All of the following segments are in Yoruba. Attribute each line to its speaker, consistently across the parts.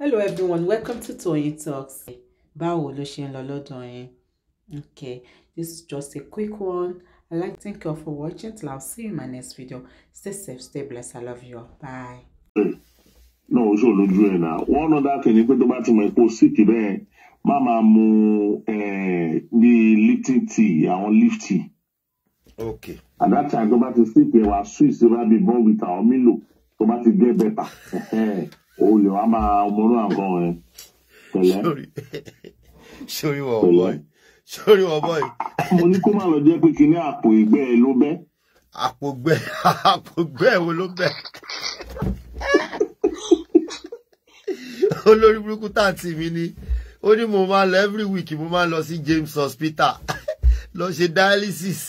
Speaker 1: hello everyone welcome to Toyeen Talks báwo ló ṣe ń lọ lọ́dọ̀ yín okay this is just a quick one i like to thank you all for watching till i'll see you in my next video stay safe stay blessed i love you all bye.
Speaker 2: náà oṣù olójú ẹ̀ náà
Speaker 3: wọ́n náà dákẹ́ ni pé tó bá ti mọ epo síìkì bẹ́ẹ̀ má máa mu
Speaker 2: bíi lifting tea àwọn lift okay. at that time tó bá ti síìkì ẹ̀ wá swiss tó bá bíi born with àwọn milo. tó bá ti get better olè wa máa mọrú àǹkan rẹ Sorry, sorry o ọmọ
Speaker 3: sorry o wọn ọmọ yìí. mo ní kó má lọ jẹ́ pé kinní àpò ìgbẹ́ ẹ ló bẹ́. àpò gbẹ́ àpò gbẹ́ wo ló bẹ́.
Speaker 4: mi ni ó ní mo máa every week mo máa lọ sí James Hospital lọ se dialysis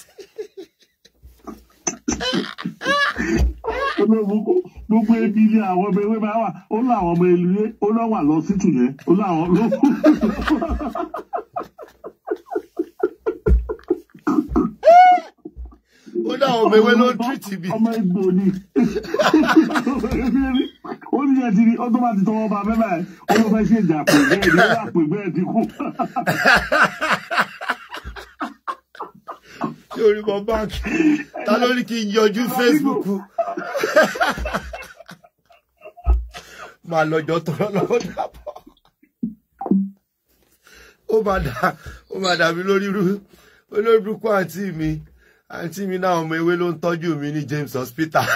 Speaker 3: gbogbo ebi ni àwọn ọmọ ewé máa wà ó lọ àwọn ọmọ elúyé
Speaker 2: ó lọ wà lọ sítù yẹn ó lọ àwọn ló kú.
Speaker 4: ó ní àwọn ọmọ ewé ló ń tìrìtì bí.
Speaker 2: ọmọ egbò ni ó ní ẹtì ni ọdún bá ti tọwọ́ bá bẹ́ẹ̀ báyìí ó ló fẹ́ ṣe ìjà pè bẹ́ẹ̀ ni ó yà pè bẹ́ẹ̀ ti kú.
Speaker 4: yorùbá báńkì ta ló ní kí n yọjú Facebook máa lọ́jọ́ tọrọ lọ́wọ́ dàpọ̀ ó máa dà ó máa dà mí lórí rú olórúkọ àǹtí mi àǹtí mi náà ọmọ ewé ló ń tọ́jú mi ní James Hospital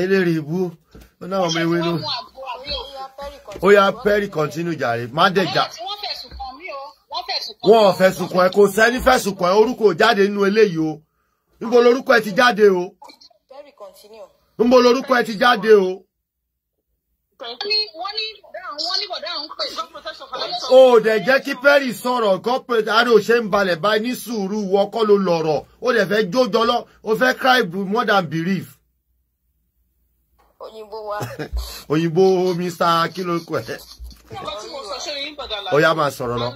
Speaker 4: eléré ibú ó náà ọmọ ewé ló ó yá pẹ́rì kọ́ntínú jàre má dẹ̀ jà wọn ò fẹ̀sùn kàn ẹ́ kò sẹ́ni fẹ̀sùn kàn ẹ́ orúkọ jáde nínú eléyìí o níbo lorúkọ ẹ ti jáde o níbo lorúkọ ẹ ti jáde o. o dẹ̀ jẹ́ kí Perry sọ̀rọ̀ corporate ari ṣe ń balẹ̀ báyìí ní sùúrù wọ kọ́ ló lọ̀rọ̀ o dẹ̀ fẹ́ jójọ lọ o fẹ́ cry more than believe. òyìnbó wa. òyìnbó mr kí ló kọ ẹ.
Speaker 1: ó yá máa lọ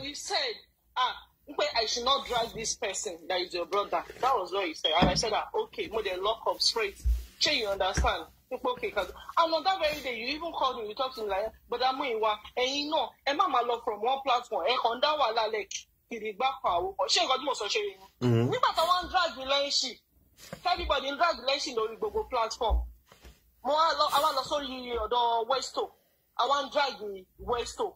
Speaker 1: pé I should not drag this person that is your brother that was what he said and I said ah okay mo dey lock up straight shey you understand pípé okay kan and on that very day you even call me you talk to me like bọ̀dá Múyìwá ẹ̀yin náà ẹ má máa lọ from one platform ẹ kàn dá wàhálà lẹ̀ kiri gbà pa àwọn kan ṣé nǹkan tí mo sọ ṣe yẹn ni mm-hmm. nígbà tí wọ́n ń drag mi lẹ́yìn sí everybody ń drag lẹ́yìn sí lórí gbogbo platform mo wá lọ sórí ọ̀dọ̀ Westo àwọn ń drag Westo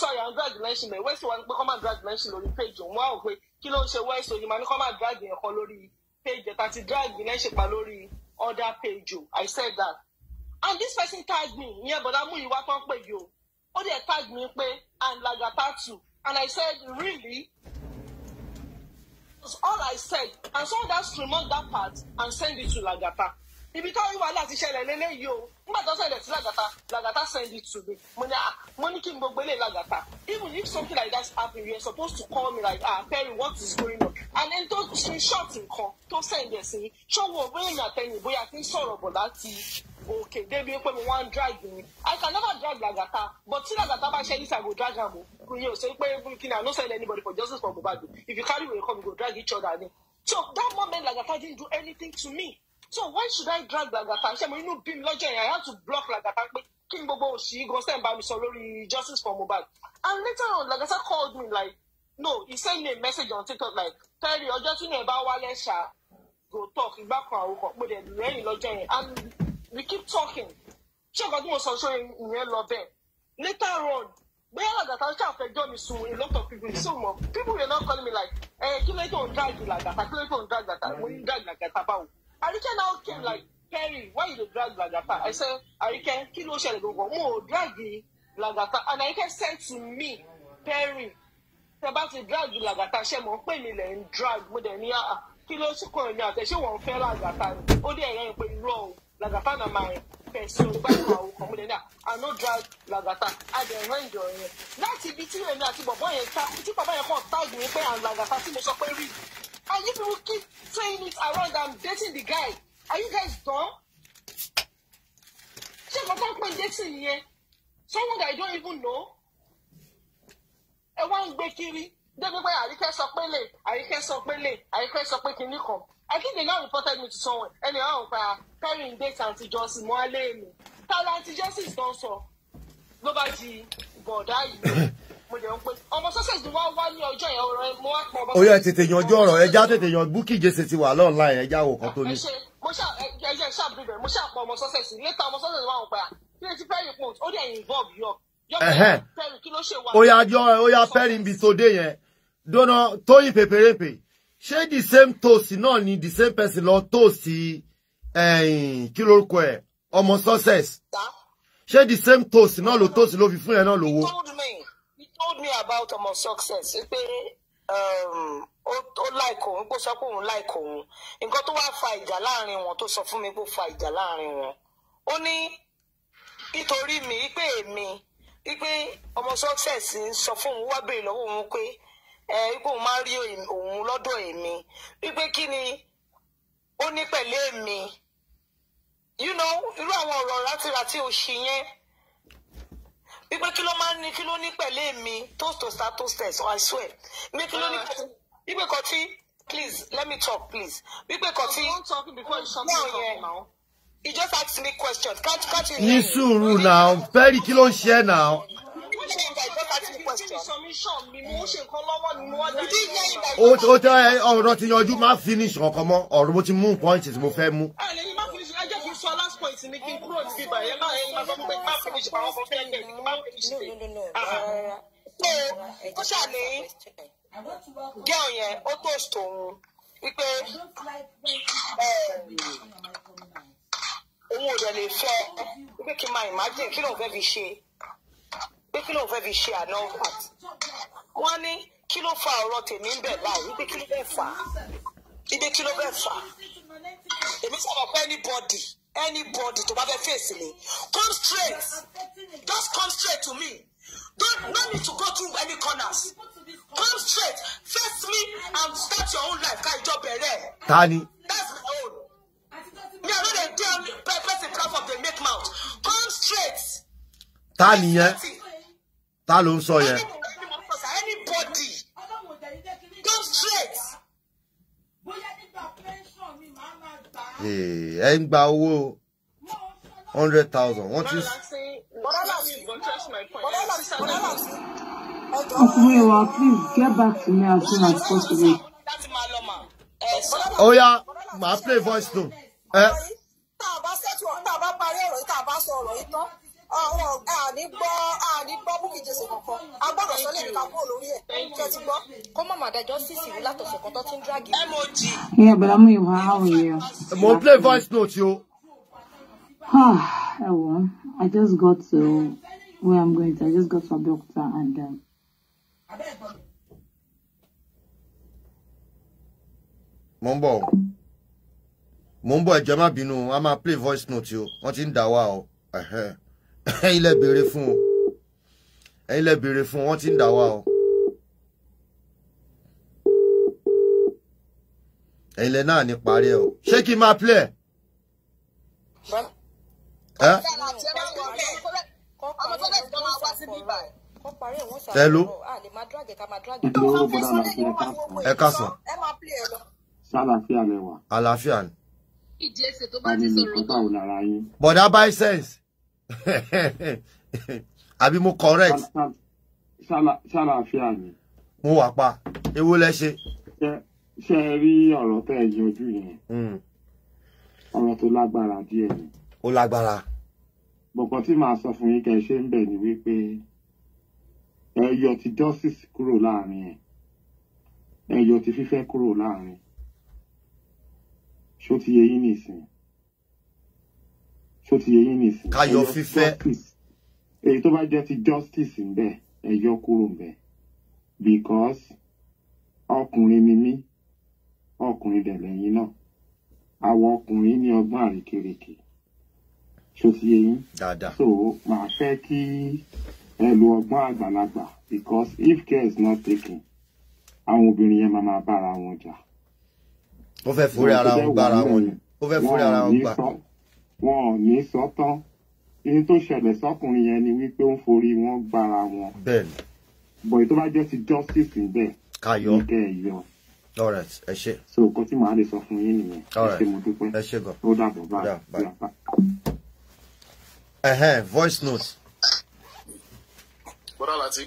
Speaker 1: sorry àwọn drag mention bẹ̀ west wa ni pé kọ́ máa drag mention lórí page òun wá ò pé kí ló ń ṣe west oyin máa ní kọ́ máa drag yẹn kan lórí page ẹ̀ tàti drag yẹn ṣe pa lórí other page o oh, i said that and this person tag me ìyẹn bọ̀dá mú ìwà tán pè yìí o oh. ó dẹ̀ tag me pé and laga tattoo and i said really that's all i said and so, that scream on that part and send it to lagata. Like ibi tó wàhálà ti ṣẹlẹ̀ lélẹ́yìí o nígbà tó ṣẹlẹ̀ sí làgàtà làgàtà send it to me mo ní ah mo ní kí n gbogbo ilé làgàtà even if something like that happen you are supposed to call me like ah Perry what is going on and then tó ṣe short nǹkan tó send ẹ̀ sí ṣọwọ́ bóyá àtẹ̀yìn bóyá ti ń sọ̀rọ̀ bọ̀ láti òkè débi pé mo wan drag mi I can never drag làgàtà but tí làgàtà bá ṣe this I go drag am o iye ò sọ pé kí ni I no send anybody for justice for Mohbad if you carry wey come you go drag each other ni so that moment làgàtà didn't do anything to me so why should I drag Lagata ṣé mo inú bí mi lọ́jọ́ yẹn I had to block Lagata pé kí ni gbogbo òsì gan sẹ́yìn bá mi sọ lórí justice for Mohbad and later on Lagata called me like no he sent me a message on TikTok like Terry ọjọ́ tí yẹn bá wálẹ̀ ṣá go talk ìgbà kan àwòkọ mo dẹ̀ lẹ́yìn lọ́jọ́ yẹn and we keep talking ṣé ọ̀gá tí mo sọ ṣóyè ìyẹn lọ bẹ́ẹ̀ later on bóyá Lagata ṣàfẹ́jọ́ mi sun a lot of people so mo people were not calling me like ẹ eh, kí ló tó ń drag Lagata kí ló tó ń drag Lagata mo ń drag Lagata báwo. Àríkẹ́ now came like Perry why you dey drag Lagata I say Àríkẹ́ kí ló ṣẹlẹ̀ gbogbo mo ò drag Lagata and Àríkẹ́ send to me Perry tẹ bá ti drag Lagata ṣe mo ń pè mí lẹ̀ drag mo dẹ̀ ní àà ah, kí ló tún kàn ní àtẹ̀ṣe wọ́n fẹ́ Lagata ni ó dé ẹ̀rọ ìpè irọ́ o Lagata na my person olùgbàgbọ́ àwọn kan mo dẹ̀ ní à ah, I no drag Lagata I dey rán ìjọ yẹn láti ibi tí èmi àti bọ̀bọ̀ yẹn ta tí bàbá yẹn kàn tag mi pé à ń Lagata tí mo sọ pé rí And you people keep saying it around I'm dating the guy. Are you guys dumb? Check kò tán pé dating here. Someone that I don't even know? Ẹ wá ń gbé kiri. Débi pé Àríkẹ́ sọ pé lè, Àríkẹ́ sọ pé lè, Àríkẹ́ sọ pé kinní kan. I think they now reported me to someone. Ẹni àwọn pa Perry ń date Aunty Johnson mọ́ alẹ́ mi. Tala Aunty Johnson dán sọ ló bá di bọ̀dá yìí. mo dẹ̀ ń pé ọmọ sọ́sẹ̀sì wá wá ní ọjọ́ yẹn ọ̀rọ̀
Speaker 4: ẹ mo tètè yan Bukky Jesse ti wà lọ́ọ̀nlá yẹn ẹja wò kan tó ní.
Speaker 1: mo ṣá ẹjẹ ṣàbùrù bẹ̀rẹ̀ mo ṣá pọ̀ ọmọ sọ́sẹ̀sì létà ọmọ sọ́sẹ̀sì wà wọ́n à kí lè ti fẹ́ yìí pọ̀ ó dẹ̀ involve yọ.
Speaker 4: ó yá yọ ó yá fẹ́rì ń bi sóde yẹn dọ́nà tóyìn pèpèrèpè ṣé the same toast náà ni the same person lọ toast kí lórúkọ ẹ ọmọ success ṣé the same toast náà ló toast ló fi fún yẹn náà lówó
Speaker 1: told me about ọmọ success pé um, ó like òun pé ó sọ pé òun like òun nǹkan tó wá fa ìjà láàrin wọn tó sọ fún mi pé ó fa ìjà láàrin wọn ó ní nítorí mi pé èmi pé ọmọ success ń sọ fún òun wá béèrè lọ́wọ́ òun pé ẹ pé òun máa rí òun lọ́dọ̀ èmi wípé kí ni ó ní pẹ̀lú èmi you know irú àwọn ọ̀rọ̀ rátiràtí òṣì yẹn wípé kí ló máa ń ní kí ló ní pẹ̀lú èmi toast to start toast test i swear wípé kí ló ní uh. pẹ̀lú wípé kan please let me talk please wípé kan he just ask me questions can't can't you hear me. ní
Speaker 4: sùúrù now bẹ́ẹ̀ni kí ló ń ṣe now. o tẹ ọ̀rọ̀ ti yanjú ma finish ọkọ mọ ọ̀rọ̀ mo ti mú nǹkan ṣe tí mo fẹ́ mú.
Speaker 1: Ah, sọ last point ni kí n kúrò níbi ìbàyẹn máa ẹni máa gbọ́ pé má fi mi ṣe àwọn ọmọ fẹ́ẹ́ kẹ́ẹ̀ ní má fi mi ṣe. ó ṣàlè gẹ́ọ̀ yẹn ó tó sòun wípé òun ò dẹ̀ lè fẹ́ wípé kí n máa imagine kí lóun fẹ́ fi ṣe pé kí lóun fẹ́ fi ṣe àná àti wọ́n ní kí ló fa ọ̀rọ̀ tèmi ń bẹ̀ báyìí wípé kí ló fẹ́ fà á kí ló fẹ́ fà èmi sábà pẹ́ ní bọ́dì anybody to have a face mi come straight just come straight to me don't no need to go through any corners come straight face me and start your own life ká ìjọ bẹ̀rẹ̀.
Speaker 4: that's my own
Speaker 1: me i no dey tell person platform the make mouth come straight.
Speaker 4: ta nìyẹn ta ló ń
Speaker 1: anybody come straight.
Speaker 4: ẹ ń gba owó hundred thousand wọ́n ti. ọkùnrin wa
Speaker 1: please get back to me as soon as possible. ó yá
Speaker 4: màá play voice note. tá
Speaker 1: a bá ṣètò tá a bá parí ọ̀rọ̀ tá a bá sọ ọ̀rọ̀ yìí tán àwọn àní gbọ́ àní gbọ́ Bukky Jesse kankan sọ lè nìkan kúrò lórí ẹ̀ kẹ́ ti gbọ́. kó mọ̀mọ́ àdájọ́ sì sì wú látọ̀sọ̀ kan tó ti ń dragi. Yeah, but I'm your
Speaker 4: how are you? Mo n play voice note yo.
Speaker 1: Ah, ẹ wọ, I just got to where I'm going to, I just got to Abeokuta and. Um,
Speaker 4: mo ń bọ̀ mo ń bọ̀ ẹ má bínú a máa play voice note o wọ́n ti ń dà wá o. Uh -huh ẹ̀yin lẹ béèrè fún o ẹ̀yin lẹ béèrè fún wọn ti ń dà wá o ẹ̀yin lẹ náà ní parí ẹ o ṣé kí n máa plẹ̀ ẹ.
Speaker 1: Hello.
Speaker 2: Ẹ káàsán. Àlàáfíà lẹ wà.
Speaker 4: Àlàáfíà
Speaker 1: ni.
Speaker 4: Bọ̀dá by sense. àbí mo correct. ṣàlàáfíà ni.
Speaker 2: mo wà pa ewu lẹ ṣe. ṣé ẹ rí ọ̀rọ̀ tẹ́ ẹ yanjú yẹn hmm. ọ̀rọ̀ tó lágbára díẹ̀ ni. ó lágbára. bọ̀kọ̀ tí màá sọ fún yín kẹ́ ẹ ṣe ń bẹ̀ ni wípé ẹ yọ ti justice kúrò láàrin ẹ yọ ti fífẹ́ kúrò láàrin ṣó ti yẹ yín nìsín tó ti yẹ yín nìsín. káyọ fífẹ́. èyí tó bá jẹ́ ti justice ń bẹ ẹ yọ kúrò ń bẹ because ọkùnrin ni mí ọkùnrin dẹ̀lẹ̀ yín náà àwọn ọkùnrin ní ọgbọ́n àrékèrèké tó ti yẹ yín. dáadáa. so màá fẹ́ kí ẹ lo ọgbọ́n àgbàlagbà because if care is not taken àwọn obìnrin yẹn máa máa bára wọn jà. ó fẹ́ forí ara wọn bára wọn ni ó fẹ́ forí ara wọn gbà wọn ò ní sọ tán ihun tó ṣẹlẹ̀ sọ́kùnrin yẹn ni wípé ó ń forí wọn gbára wọn. bẹ́ẹ̀ni. bọ̀yì tó bá jẹ́ ti justice níbẹ̀. káyọ̀ ní kẹ́ ẹ yọ. all right ẹ ṣe. so nǹkan tí màá lè sọ fún yín nìyẹn. all right ẹ ṣe mo dúpẹ́. ẹ ṣe gan. ó dàbọ̀ báyìí. ẹhẹn
Speaker 4: voice note.
Speaker 3: bọ́dà láti.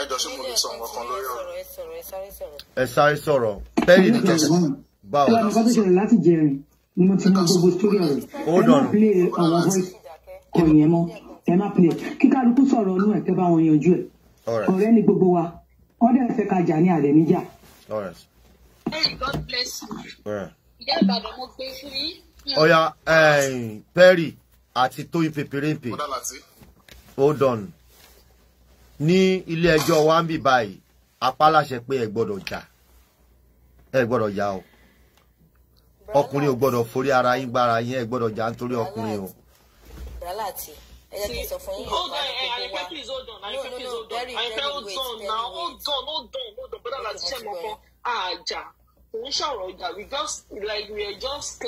Speaker 3: ẹ jọ ṣé mo lè sọ nǹkan kan lórí ọ̀rọ̀. ẹ sáré sọ̀rọ̀.
Speaker 4: ẹ sáré sọ̀rọ̀ bẹ́ẹ̀ ni kẹ́sì.
Speaker 1: báwo. ìlànà kan tó ṣẹlẹ̀ láti jẹrin mo ti mọ gbogbo story rẹ ẹ má play ọ̀rọ̀ uh, voice kàn yẹn mọ́ ẹ má play kí kálukú sọ̀rọ̀ ọnú ẹ̀ kẹ́ bá wọn yanjú ẹ̀ ọ̀rẹ́ ni gbogbo wa wọ́n dẹ̀ fẹ́ ká jà ní àlẹ́ níjà. God bless you. ìyá ìbàdàn mo gbé fún yín.
Speaker 4: ọ̀ya eh, Perry àti Tóyìn pèpèrèpè hold on ni ilé ẹjọ́ wa ń bì báyìí apá láṣẹ pé ẹ gbọ́dọ̀ jà o ọkùnrin ò gbọ́dọ̀ forí ara yín gbára yín ẹ gbọ́dọ̀ jà nítorí ọkùnrin o.
Speaker 1: bralati ẹ jẹ́ kí n sọ fún yín yorùbá gbogbo wa we just like we are just.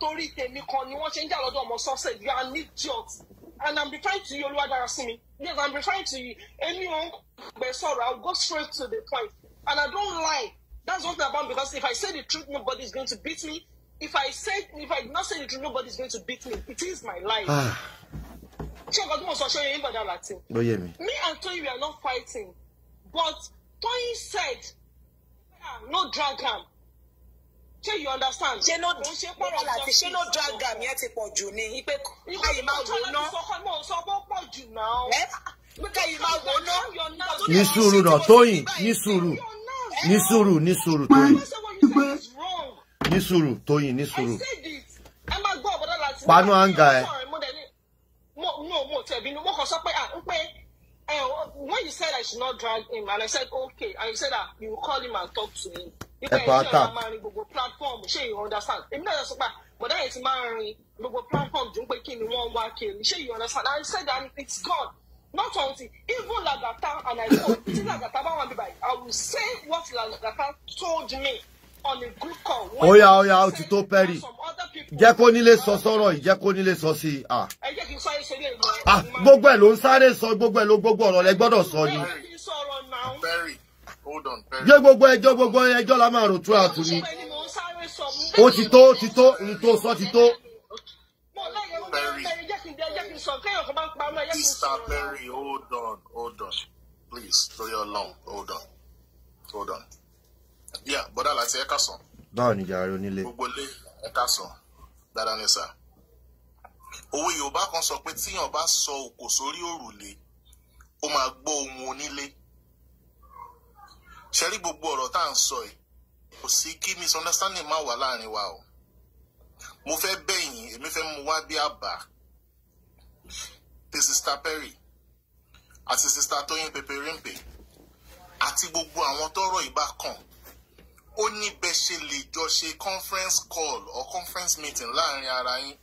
Speaker 1: torí tèmi kan ni wọ́n ṣe ń jà lọ́dọ̀ ọmọ sọ́sẹ̀ you are an idiot and i'm trying to yí olúwa dára sí mi yes, I'm referring to you. Anyone, but sorry, I'll go straight to the point. And I don't lie. That's what I'm about because if I say the truth, nobody's going to beat me. If I say, if I not say the truth, nobody's going to beat me. It is my life. Check, nǹkan tí mo sọ ṣe yẹn bàdà láti? Ló yé mi. Me and Tony, we are not fighting but Tony said ah, no drag am ṣé you understand. ṣé ló ṣe pọ̀rọ̀ láti ṣé ló drag am yẹn ti pọ̀ jù ni. ipe káyì máa wò ná. mo sọ pé ó pọ̀ jù náà. ẹ káyì máa wò ná.
Speaker 4: ní sùúrù náà tóyìn ní sùúrù ní sùúrù ní sùúrù tóyìn ní sùúrù tóyìn ní sùúrù.
Speaker 1: panu anga ẹ. mo mo tẹ̀bi ni mo kàn sọ pé ah n pé eh, when you said I should not drag him and I said okay and you said ah you call him and talk to him ẹ pa ata. ṣé máa rin gbogbo platform ṣé you understand èmi náà sọ pé bọ̀dá yẹn ti máa rin gbogbo platform dùn pé kí ni wọ́n wá kiri ṣé you understand I said that it's gone not only. even Lagata and I know tí Lagata bá wà níbà yìí I will say what Lagata told me on a group
Speaker 4: call. oya oya o ti tó pẹ́rì jẹ́ kó nílé sọ sọ́rọ̀ yìí jẹ́ kó nílé sọ sí i. Ah.
Speaker 1: ẹ jẹ́ kí n sáré ṣe lè mọ.
Speaker 4: Ah, gbogbo ẹ̀ ló ń sáré sọ gbogbo ẹ̀ ló gbogbo ọ̀rọ̀ rẹ gbọ́dọ̀ sọ ni yé gbogbo ẹjọ́ gbogbo ẹjọ́ la máa rò tú àtú ni ó ti tó ó ti tó èyí tó sọ ti tó.
Speaker 3: Mary, hold on, hold on, please, to your long, hold on, hold on. Yeah, bọ́dà láti ẹ̀ka sàn.
Speaker 4: Báwo ni jàre onílé? Gbogbo
Speaker 3: ilé ẹ̀ka sàn, dáadáa ni sà. Òwe Yorùbá kan sọ pé tíyàn bá sọ òkò sórí òrùlé, ó máa gbọ́ ohun onílé ṣe rí gbogbo ọ̀rọ̀ tá à ń sọ yìí kò sí kí misunderstanding má wà láàrin wa o mo fẹ́ bẹ̀yìn èmi fẹ́ mú wá bí àbá ti sista Perry àti sista Tóyìn Pẹpẹrẹmpẹ àti gbogbo àwọn tọ́rọ̀ ìbá kàn ó ní bẹ ṣe lè jọ ṣe conference call or conference meeting láàrin ara yín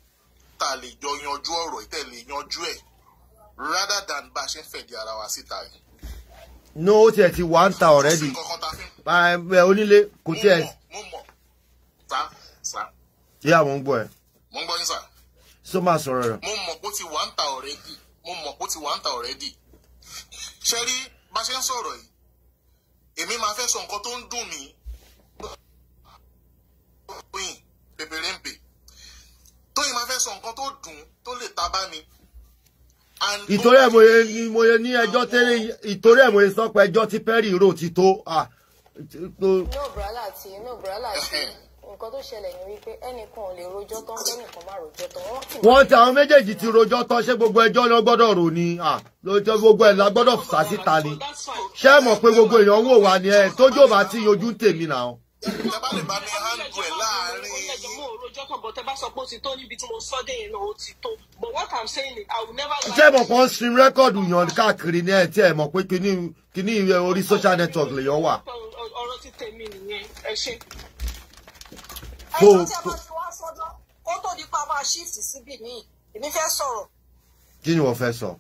Speaker 3: tá a lè jọ yanjú ọ̀rọ̀ ìtẹ̀lé yanjú ẹ̀ rather than bá a ṣe ń fẹ̀dí ara wa síta yìí
Speaker 4: no ó tiẹ̀ ti wà ń ta already onílé kò tiẹ̀.
Speaker 3: mo mọ̀ sá sá. ìyá mo ń gbọ́ ẹ. mo ń gbọ́ yín sá.
Speaker 4: sọ máa sọ̀rọ̀ rẹ̀.
Speaker 3: mo mọ̀ kó ti wà ń ta already mo mọ̀ kó ti wà ń ta already ṣe rí bá ṣe ń sọ̀rọ̀ yìí èmi máa fẹ́ sọ nǹkan tó ń dùn mí tóyìn pèpèrè ń pè tóyìn máa fẹ́ sọ nǹkan tó dùn tó lè ta bá mi
Speaker 4: ìtorí ẹ̀ mo yẹ ní ẹjọ́ tẹ́lẹ̀ ìtorí ẹ̀ mo yẹ sọ ẹjọ́ tí Perry rò ti tó. inú
Speaker 1: òbúrálà ti inú òbúrálà ti nǹkan tó ṣẹlẹ̀ ni wípé ẹnìkan ò lè rojọ́ tán kẹ́nìkan má rojọ́ tán wọ́n kì
Speaker 4: í. wọ́n ti àwọn méjèèjì ti rojọ́ tán ṣé gbogbo ẹjọ́ ló gbọ́dọ̀ rò ni lójọ́ gbogbo ẹ̀ la gbọ́dọ̀ sà síta ni ṣé mọ̀ pé gbogbo èèyàn wò wá ni ẹ tójú ò bá ti yọjú tèmi náà
Speaker 1: tẹ bá lè bá ní handle ẹ láàárín. ó yẹ jọ mú òrojọ́ kan bọ̀ tẹ bá sọ pé ó ti tó níbi tí mo sọ dé yẹn náà ó ti tó but what i'm saying is i will never
Speaker 4: lie. ṣé mo kàn stream rẹ́kọ̀dù yàn káàkiri ní ẹ̀ tí ẹ mọ̀ pé kíní orí social network lèyàn wà.
Speaker 1: ọ̀rọ̀ ti tèmi nìyẹn ẹ ṣe. ẹ̀yin tí a bá fi wá sọ́dọ̀ kó tó di pa máa shift síbì míì èmi fẹ́ sọ̀rọ̀.
Speaker 4: kí ni wọ́n fẹ́ sọ?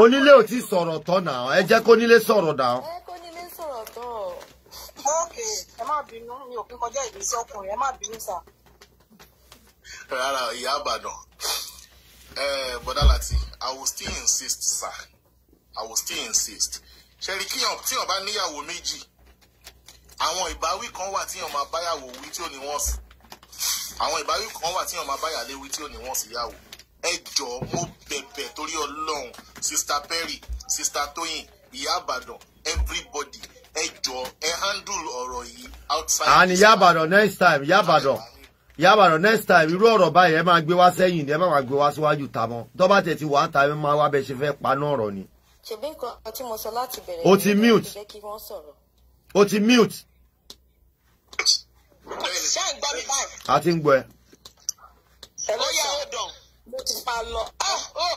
Speaker 4: onílé ò tí sọ̀rọ̀ tán náà ẹ jẹ́ kónílé sọ̀rọ̀ náà.
Speaker 1: ẹ kónílé sọ̀rọ̀ tán o. ókè ẹ má bínú mi ò kí n kọjá ìdí sọkùnrin ẹ má bínú sà.
Speaker 3: rárá ìyá àbàdàn bọ́dá láti i will still insist sir i will still insist ṣẹ́rí kíyàn tíyàn bá níyàwó méjì àwọn ìbáwí kan wà tíyàn máa báyàwó wí tí ò ní wọ́n sí àwọn ìbáwí kan wà tíyàn máa báyàlé wí tí ò ní wọ́n sí yàwó ẹ jọ̀ọ́ mo bẹ̀bẹ̀ torí ọlọ́run sista Perry sista Tóyìn ìyá àbàdàn everybody ẹ jọ̀ọ́ ẹ handle ọ̀rọ̀ yìí outside. àní ìyá
Speaker 4: àbàdàn next time ìyá àbàdàn ìyá àbàdàn next time irú ọ̀rọ̀ báyìí ẹ máa gbé wá sẹ́yìn ni ẹ máa gbé wá síwájú ta mọ́ tọ́ba tẹ̀ ti wà á ta ẹ máa wá bẹ ṣe fẹ́ paná ọ̀rọ̀ ni.
Speaker 2: ṣèbí nǹkan tí mo sọ láti bẹ̀rẹ̀ ni ó ti
Speaker 4: mute ó ti mute.
Speaker 1: ṣé ń gbọ́ mi báyìí. a ti ń gbọ́ ẹ. ó yá ó dàn mo ti máa lọ ah, oh!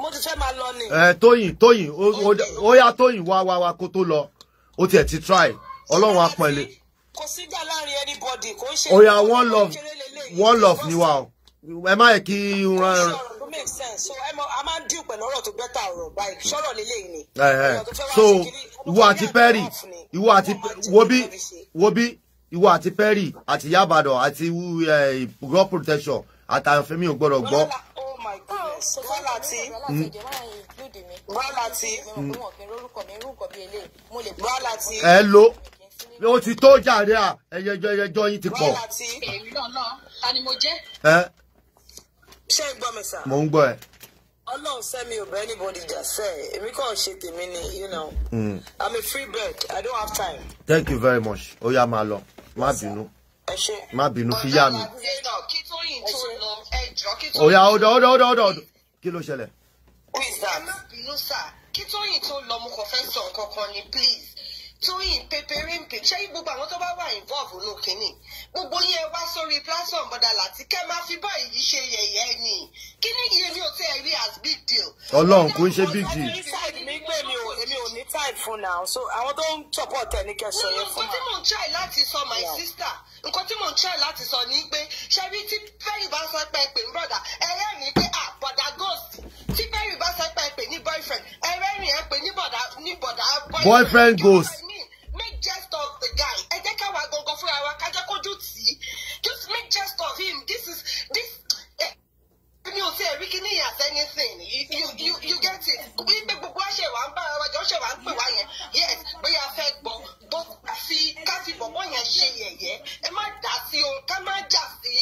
Speaker 1: mo ti fẹ́ máa lọ ni.
Speaker 4: ẹ eh, tóyìn tóyìn ó yá tóyìn wá wá wá kó tó lọ ó tiẹ̀ ti try ọlọ́run apọ̀nlé. kò sí jà láàrin anybody kò ń ṣe oya oh one love one love ni wa o ẹ má yẹ kí n ran. so ẹ mọ a máa ń eh, eh. so ìwọ àti Perry ìwọ àti wobi wobi ìwọ àti Perry àti Yabado àti raw protection àtàǹfẹ̀mí ò gbọ́dọ̀ gbọ́. bọ́lá
Speaker 1: oh oh, tí bọ́lá
Speaker 4: mm. ẹ lo o ti tó jàre à ẹyẹjọ ẹyẹjọ
Speaker 5: yín ti pọ̀. mo ń gbọ́ ẹ
Speaker 1: ọlọ́run sẹ́mi ò bá anybody jà sẹ́ èmi kàn ṣe tèmi ni you know mm. i'm a free bird i don't have time.
Speaker 4: thank you very much ó yá máa lọ má bínú má bínú fi yá mi. òyà ọ̀dọ̀ ọ̀dọ̀ ọ̀dọ̀ ọ̀dọ̀ kí ló ṣẹlẹ̀.
Speaker 1: kí tóyìn tó lọ mo kàn fẹ́ sọ nǹkan kan ni please tóyìn pépéré ń pè ṣé gbogbo àwọn tó bá wà involve ló kínní gbogbo yẹn wá sórí platform bọ́dà láti kẹ́ máa fi bọ́ èyí ṣe yẹ̀yẹ́ ni
Speaker 4: kí ni iye mi ò tẹ́ ẹ rí as big deal. Ọlọ́run kò ń ṣe big deal.
Speaker 1: mi gbé mi ò èmi ò ní time fún now so àwọn tó ń support ẹ ní kẹsàn-án fún mi. mo lọ sọ tí mò ń try láti sọ my sister nǹkan tí mò ń try láti sọ ni pé ṣe rí tí Perry bá sọ pé pè ń brọ̀dà ẹlẹ́rìí pé à ah, bọ̀dà ghost tí Perry bá sọ pé pè ní
Speaker 4: boyfriend ẹlẹ́rìí ẹ pè ní bọ̀dà ní bọ̀dà boyfriend ghost.
Speaker 1: ṣebí kí níyà anything you you you get it wípé gbogbo àṣẹ wa ń bá ara jọ ṣẹ ń pè wá yẹn yes bóyá fẹ́ gbọ́ bó fi ká fi bọ̀bọ̀ yẹn ṣe yẹ̀yẹ́ ẹ má dá sí o ká má jà sí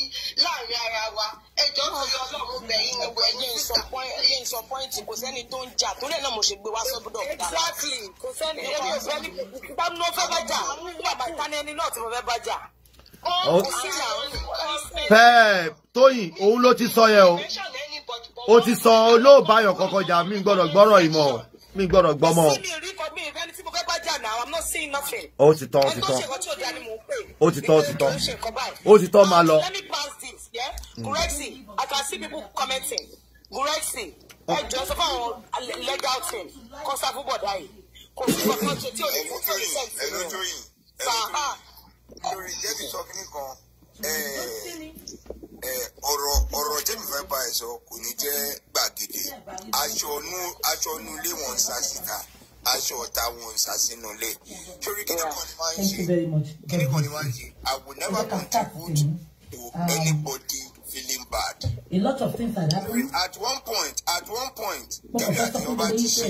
Speaker 1: láàrin ara wa ẹjọ́ tó yọ ọlọ́run bẹ̀ yín gbogbo ẹ̀yìn sísà. ẹyẹ ìsọ pọ́ìntì kò sẹ́ni tó ń jà torí ẹ̀ náà mo ṣe gbé wá sọ́dọ̀ ọ̀dà. exactly kò sẹ́ni èmi ò fẹ́ ní bá
Speaker 4: òun ló ti sọ yẹn o o ti sọ olóòbá ayọ̀ kankan jà mí gbọ́dọ̀ gbọ́rọ̀ ìmọ̀ mi gbọ́dọ̀ gbọ́mọ. o ti tán o ti tán o ti tán o ti tán o ti tán máa lọ. Gurexi,
Speaker 1: mm. I can see people commenting. Gurexi, oh. ẹ jọ sọ fún àwọn legal team kọ́ sáfù bọ̀dá yìí
Speaker 5: kò sí kankan tó tí o lè fún twenty cent nínú. sàhà. lórí jẹ́bi sọ kí ni kan ọ̀rọ̀ ọ̀rọ̀ tẹ́mi fẹ́ bá ẹ sọ kò ní jẹ́ gbàgede aṣọ inú ilé wọn ń aṣọ ọ̀tá wọn ń sá sínú kíni kan ni wọ́n
Speaker 1: ń ṣe kíni kan ni wọ́n ń ṣe
Speaker 5: I will never contribute to um, anybody feeling bad. A lot of things are happening. At one point, at one point, Kẹ́mi àti ti ṣe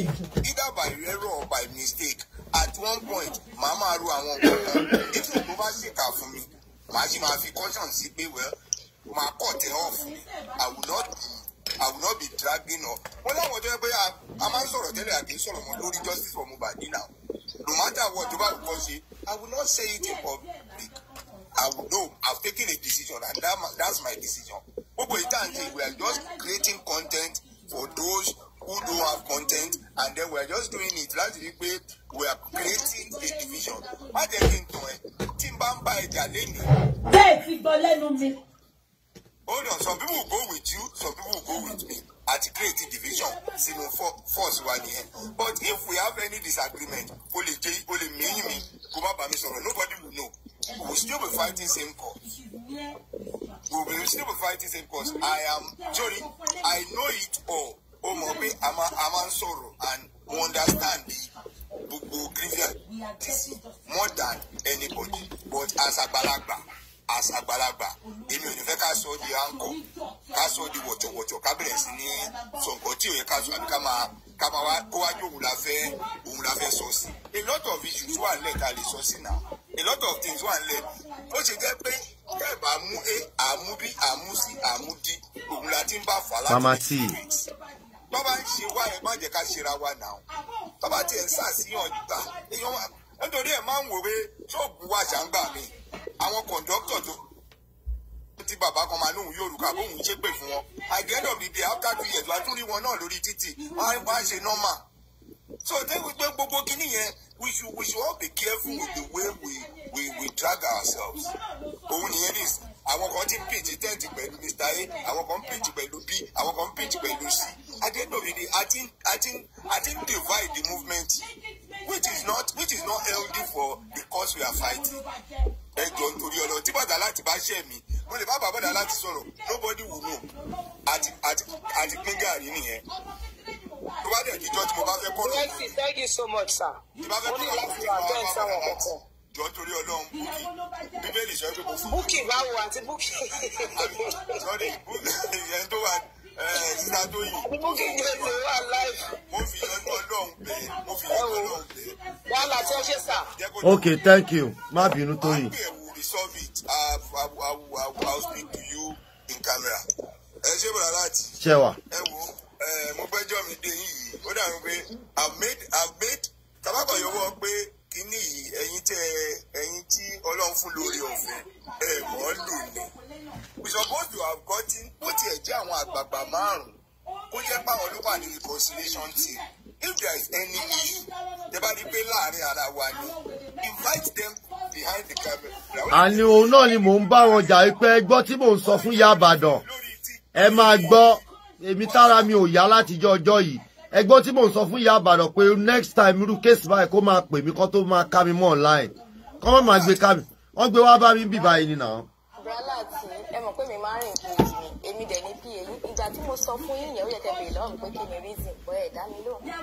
Speaker 5: either by error or by mistake at one point màá máa ro àwọn nǹkan kan ètò ìgbó bá ṣèkà fún mi màá sì máa fi caution sí pé well máa kọ̀ tẹ̀ off I will not be I will not be dragging up. wọ́n láwọn tó yẹ pé a máa ń sọ̀rọ̀ tẹ́lẹ̀ àbí sọ̀rọ̀ mọ́ justice for Mohbad now no matter what you bá wù kọ́ I will not say it in public I will know I've taken a decision and that, that's my decision. we are just creating content for those who don't have content and then we are just doing it láti rí pé we are creating a division. má jẹ́ kí n tàn ẹ́ tí n bá ń bá ẹja hold on some people go with you some people go with me At create division sínú force wa nìyẹn but if we have any disagreement o lè jẹ o lè mìíràn mi kó má bàa mi sọ̀rọ̀ nobody will know we will still be fighting same cause we will still be fighting same cause I am sorry I know it all ó mọ̀ pé a máa ń and we understand the gbogbo
Speaker 1: grievance
Speaker 5: more than anybody but as àgbàlagbà àgbàlagbà èmi ò ní fẹ́ ká sọ di àǹkọ̀ ká sọ di wọ̀tọ̀wọ̀tọ̀ ká bẹ̀rẹ̀ sí ní sọ tí ò ká sọ àbí ká máa ká máa wá kó wájú òun la fẹ́ òun la fẹ́ sọ sí a lot of issues wà nílẹ̀ tá a lè sọ sí náà a lot of things wà nílẹ̀ ó ṣe jẹ́ pé kẹ́ẹ̀bà mú a àmú b àmú c àmú d òun la ti ń bá fà láti tọ́ba ń ṣe wá ẹ má jẹ́ ká ṣera wa náà tọ́ba tiẹ̀ ń sàṣìyàn gbà èèyàn nítorí ẹ̀ máa ń wòwe ṣọ́ọ̀bù wa ṣàǹgbà mi àwọn kọ̀ǹdọ́tọ̀ tó tí bàbá kan máa lóhun Yorùbá bóhun ṣépè fún wọn at the end of the day tún rí wọn náà lórí títì wọ́n ṣe normal so tẹ́wọ́n pé gbogbo kinní yẹn we should we should all be careful with the way we we we drag ourselves òun nìyẹn nìyí àwọn kan ti ń pèjì tẹ́ǹtì pẹ̀lú Mr A àwọn kan ń pèjì pẹ̀lú B àwọn kan ń pèjì pẹ̀lú C at the end of the day a ti ń a ti ń a ti ń divide the movement which is not which is not healthy for the cause we are fighting. ẹ jọ nítorí ọlọ tí bàtà láti bá ṣẹ mi mo lè bá bàbá dà láti sọ̀rọ̀ nobody will know àti àti àti pín gàrí nìyẹn tó bá dẹ̀ jíjọ́ tí mo bá fẹ́ kọ́ lọ. thank you so much sir. tí bá fẹ́ kọ́ lọ fún mi bá bá bàbá dà jọ nítorí Ọlọ́run búkì bíbélì sọ pé mo fún. búkì báwo àti búkì. sọ́ọ́dì búkì ẹni tó wà ní sísá
Speaker 4: okay thank you má bínú tó yìí. Uh, I will resolve
Speaker 5: it I will speak to you in camera. ẹ ṣé bàrà láti.
Speaker 4: ṣé wà. ẹ wo mo gbẹ́jọ́ mi dé yìí ó made i made
Speaker 5: tabakọ̀ yọwọ́ pé kínní yìí ẹ̀yin tẹ ẹ̀yin tí ọlọ́run fún lórí ọ̀fẹ́ ẹ̀ lò ní we suppose to have gotten bó tiẹ̀ jẹ́ àwọn àgbààgbà márùn-ún kó jẹ́ páwọn ló wà ní reconciliation team if there is any issue tẹ́ bá rí pé láàrin ara wa ni
Speaker 4: invite them behind the camera. àní òun náà ni mò ń bá wọn jà pé gbọ́ tí mò ń sọ fún ìyá àbàdàn ẹ máa gbọ́ èmi tára mi ò yá látijọ́ ọjọ́ yìí ẹgbọ́n tí mò ń sọ fún ìyá àbàdàn pé next time irú case báyìí kó máa pè mí kó tó máa ká mi mọ́ online kó má máa gbé ká mi wọ́n gbé wá bá mi bì báyìí nìyàwó
Speaker 1: mi aláàtì ẹ mọ̀ pé mi máa ń rìn kejì ni èmi dẹ̀ ní pa yín ìgbà tí mo sọ fún yín ó yẹ kẹ́ bèèrè lọ́rùn pé kí ni reason bọ́ ẹ̀ dá mi lóhùn. jẹ́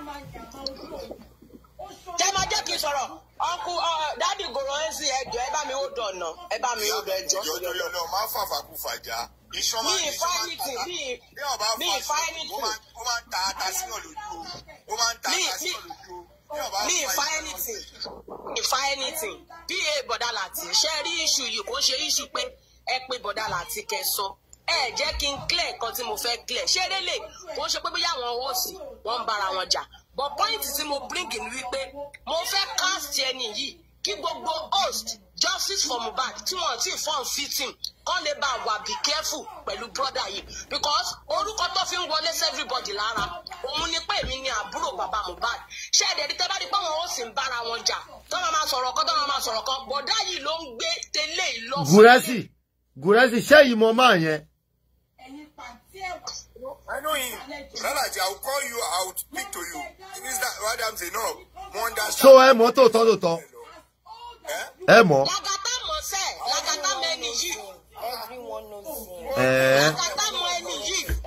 Speaker 1: máa jẹ́ kí n sọ̀rọ̀ ọkù dádì gòrò ẹ̀ sí ẹ bá mi ó dọ̀nà ẹ bá mi ó dọ̀
Speaker 5: ẹjọ́. náà máa fàfà kú fàjà. ìṣọ́mà máa ń ta máa ń ta mi fa anything
Speaker 1: mi fa anything bí e bọ̀dá láti ṣe rí iṣu yìí kò ṣe iṣu pé ẹ pé bọ̀dá láti kẹ sọ ẹ jẹ́ kí n clear nǹkan tí mo fẹ́ clear ṣé eré lè kó ṣe pé bóyá àwọn ọ̀sìn wọ́n ń bára wọn jà but point tí mo bring in wípé mo fẹ́ cast ẹni yìí kí gbogbo host justice for Mohbad tí wọn ti fọ́n fitting kán lè bá wà be careful pẹ̀lú brother yìí because orúkọ tó fi ń wọlé everybody lára òun ni pé èmi ni àbúrò bàbá Mohbad ṣé ẹ̀dẹ̀ tẹ́ bá rí pé
Speaker 4: ó sì ń bára wọn jà tọ́ ma sọ̀rọ̀ kan tọ́ ma sọ̀rọ̀ kan bọ̀dá yìí ló ń gbé tẹ́lẹ̀ ìlọ́fọ̀. Gùrẹ́sì ṣé yìí mo máa yẹn.
Speaker 5: I know him. I will call you, I will speak to you. It means that no. Mo understand.
Speaker 4: So ẹ mọ̀ tó tọ́ tó tọ́. Ẹ mọ̀. Lagata mọ ẹni Lagata mọ ẹni
Speaker 1: yìí.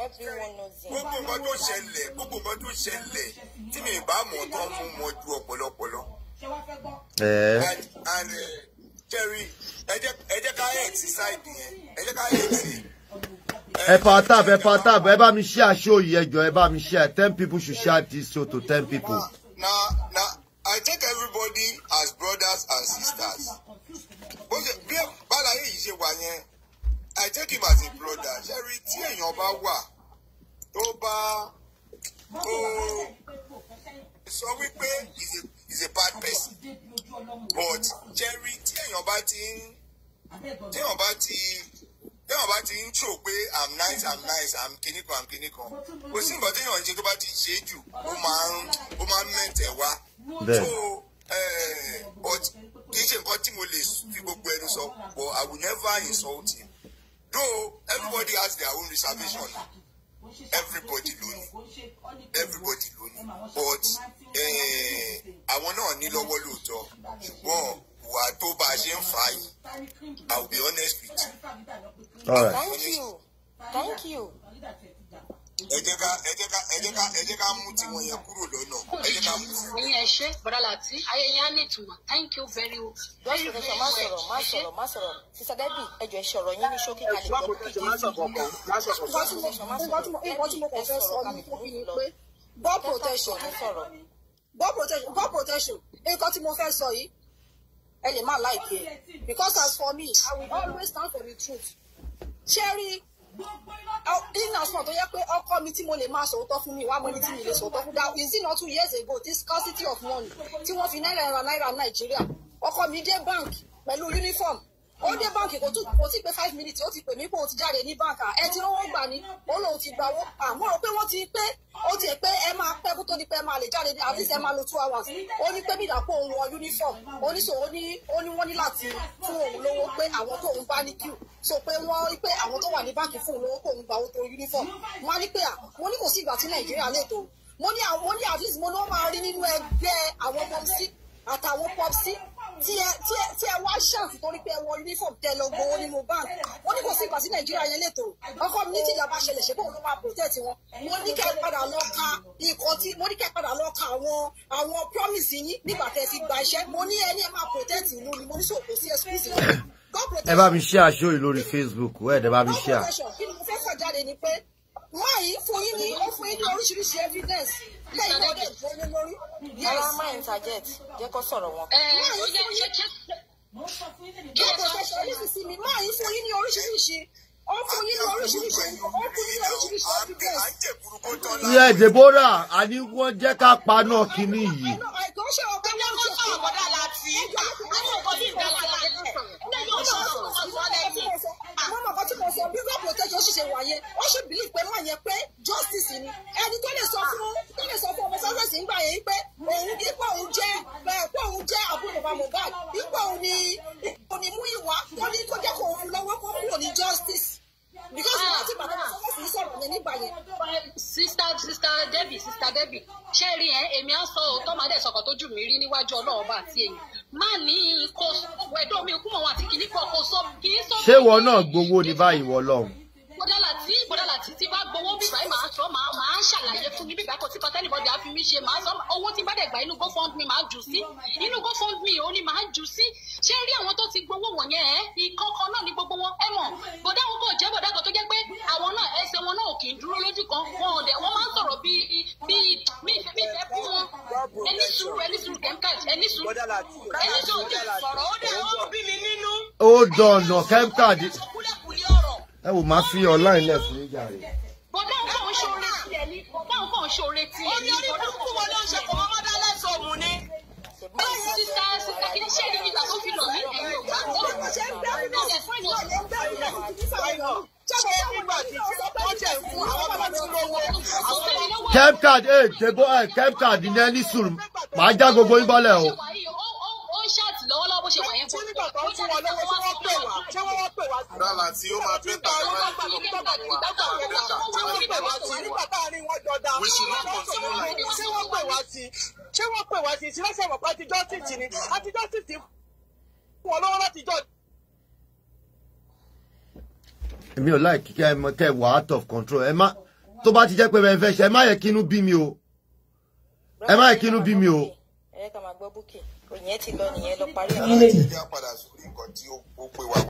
Speaker 1: Everyone Gbogbo nǹkan
Speaker 5: tó ṣẹlẹ̀, gbogbo nǹkan tó ṣẹlẹ̀ tí mi bá mọ̀ tán fún mọ ju ọ̀pọ̀lọpọ̀ lọ.
Speaker 4: And
Speaker 5: uh, jẹ́rí ẹ jẹ́ ká ẹ̀
Speaker 4: tí sáìdì yẹn ẹ jẹ́ ká ẹ̀ tí. ẹ power tap ẹ power tap ẹ bá mi share show yìí ẹ ẹ bá mi share ten people should share this show to ten people. na
Speaker 5: na I take everybody as brothers and sisters. bó ṣe bí bàlàyé yìí ṣe wà yẹn I take him as a brother jẹ́rí tí èèyàn bá wà tó bá tó sọ wípé is a is a bad person
Speaker 1: but
Speaker 5: jerry tí èèyàn bá ti ń tí èèyàn bá ti téèyàn bá ti ń tò pé i'm nice i'm nice i'm kinní kan i'm kinní kan kò sí nǹkan téèyàn ń ṣe tó bá ti ṣe jù ó máa ń ó máa ń mẹ́tẹ̀ wá so eh, but kì í ṣe nǹkan tí mo lè fi gbogbo ẹnu sọ but i will never insult him though everybody has their own reservation everybody ló everybody ló but Eh, àwọn náà ní lọ́wọ́ lóòótọ́ ṣùgbọ́n wà tó bá a ṣe ń fà yìí I will be honest
Speaker 1: with you. Thank you. Thank you.
Speaker 5: Ẹ jẹ́ ká ẹ jẹ́ ká ẹ jẹ́ ká ẹ jẹ́ ká mú tiwọn yẹn kúrò lọ́nà.
Speaker 1: Ẹ jẹ́ ká mú. Ẹyin ẹ ṣe bọ́dálà tí ayé á ní ìtumọ̀. Thank you very much. Very very much. Má sọ̀rọ̀ má sọ̀rọ̀ má sọ̀rọ̀. Sísá Dẹ́bì ẹjọ́ ẹ sọ̀rọ̀ yín ní ṣókí kalẹ̀ gbọ́ protection. God protection God protection nǹkan tí mo fẹ́ sọ yìí ẹ lè má like ẹ because as for me I will always stand for the truth ṣé rí innocent tó yẹ pé ọkọ mi tí mo lè máa sòótọ́ fún mi wá mo ní tí mi lè sòótọ́ fún that is it not two years ago this scarcity of money tí wọ́n fi náírà náírà Nàìjíríà ọkọ mi dé bank pẹ̀lú uniform ó dé báǹkì kò tún kò tí pé five minutes ó ti pè mí pé òun ti jáde ní báǹkì ẹ ti rówó gbà ní ó lóun ti gbà wó àmọ́ ó pé wọ́n ti pé ó tiẹ̀ pé ẹ máa pẹ́ kó tó ní pé máa lè jáde ní àbí ṣe máa lo two hours ó ní pé bìdà kó òun wọ uniform oníṣòwò ó ní wọ́n ní láti fún òun lówó pé àwọn tó òun bá ní queue so pé wọ́n pé àwọn tó wà ní báǹkì fún òun lówó kó òun gbà ó tó uniform wọ́n á ní pé à wọ́n ní kò sí ìgbà tí Nàìjíríà lè àtàwọn pọ́psí tí ẹ tí ẹ tí ẹ wá ṣáàfù torí pé ẹ wọ uniform tẹ lọ gbowó nínú báńkì
Speaker 5: wọn ní kò sí ìpàsí nàìjíríà yẹn lẹ́tọ̀ ọkọ mi ní tíjà bá ṣẹlẹ̀
Speaker 1: ṣe bóun ló máa protect wọn mo ní kẹ́ padà lọ ka nǹkan tí mo ní kẹ́ padà lọ ka àwọn àwọn promise yín nígbà tẹ́ ti gba iṣẹ́ mo ní ẹni ẹ máa protect ìlú ni mo ní sòkò sí excuse ẹ bá
Speaker 4: mi share show yìí lórí Facebook ẹ dẹ bá mi share.
Speaker 1: kí máa yìí fún yín ní ó fún yín ní oríṣiríṣi evidence lẹ́yìn náà dẹ̀ tó ní lórí. ara máa interject jẹ́ kó sọ̀rọ̀ wọn. máa yìí fún yín ní oríṣiríṣi
Speaker 4: ìyá Deborah àní wọ́n jẹ́ ká paná kínní yìí.
Speaker 1: justice ni ẹni tó lè sọ fún tó lè sọ fún ọmọ sọ́sẹ̀sì ń gbà yẹn pé òun ipò òun jẹ́ ipò òun jẹ́ àbúrò bàbá Mohbad ipò òun ni òun ni mú ìwà tó ní tó jẹ́ kó òun lọ́wọ́ kó kúrò ní justice because ìgbà ah, tí bàbá mi ah. sọ́kọ́ fi sọ̀rọ̀ yẹn nígbà yẹn. sista sista debi sista debi ṣé rí ẹ èmi á sọ òótọ́ máa dẹ̀ sọ̀kọ̀ tó jù mí rí níwájú ọlọ́run bá àti èyí má ní kó wẹ̀dọ́ mi kú wọn àti kìnnìkan kò sọ kì í sọ. ṣé
Speaker 4: ìwọ náà gbowó ní báyìí wọ
Speaker 1: bọ́dá láti bọ́dá láti tí bá gbowó bíbá yìí màá sọ màá màá ṣàlàyé fún yín bíbá kan tí kan tẹ́lifọ̀dì á fi mí ṣe màá sọ owó tí bá dẹ̀ gbà inú GoFundMe màá jù sí inú GoFundMe ò ní màá jù sí ṣé rí àwọn tó ti gbowó wọ̀nyẹn ẹ̀ ìkọ̀ọ̀kan náà ní gbogbo wọn ẹ mọ̀ bọ́dá wọn kò jẹ́ bọ́dá kan tó jẹ́ pé àwọn náà ẹsẹ̀ wọn náà kì í dúró lójú kan wọn ọ̀dẹ̀ wọ́n máa ń sọ̀rọ̀ bí bí mi mi ìfẹ́ fún wọn ẹni sùúrù ẹni sùúrù kẹ́míkà ẹni sùúrù ẹni sùúrù sọ̀rọ̀ ó dẹ̀ ó bí mi
Speaker 4: nínú. ó dọ̀nà kẹ́míkà ẹ wò máa fi ọ̀la ilẹ̀ fún ìjà rẹ̀.
Speaker 1: bọ́dá nǹkan ń ṣoore tiẹ̀ ní bọ́dá nǹkan ń ṣoore tiẹ̀ ní bọ́dá nǹkan ń ṣoore tiẹ̀ ní bọ́dá nǹkan ń ṣoore tiẹ̀ ní sísá sísá kí ṣe ní nígbà tó fi lọ ní ẹ̀yìn ọ̀gá tó ṣe ẹ̀
Speaker 4: jẹ́gbọ́ ẹ̀ kepcard ní sùn máa já gbogbo yín o.
Speaker 3: dọ́là tí ó máa bẹ́ẹ̀ tà lọ́wọ́ ní ìjọba
Speaker 1: we should not continue like this. ṣé wọ́n pè wá sí ṣé wọ́n pè wá sí ìṣẹ́lẹ̀ṣẹ̀ wọ̀ pé àtijọ́ sì ti ní àtijọ́ sì ti fún ọ lọ́wọ́ láti jọ.
Speaker 4: èmi ò láì kíkẹ́ ẹ mọ tẹ wà out of control ẹ má tó bá ti jẹ́ pé ẹ fẹ́ ṣe ẹ má yẹ kí inú bí mi o ẹ má yẹ kí inú bí mi o.
Speaker 5: ẹ ká máa gbọ́ búkì òyìn ẹ ti lọ nìyẹn lọ parí. ìyẹn lè jẹ́ padà sórí nǹkan tí ó pè wá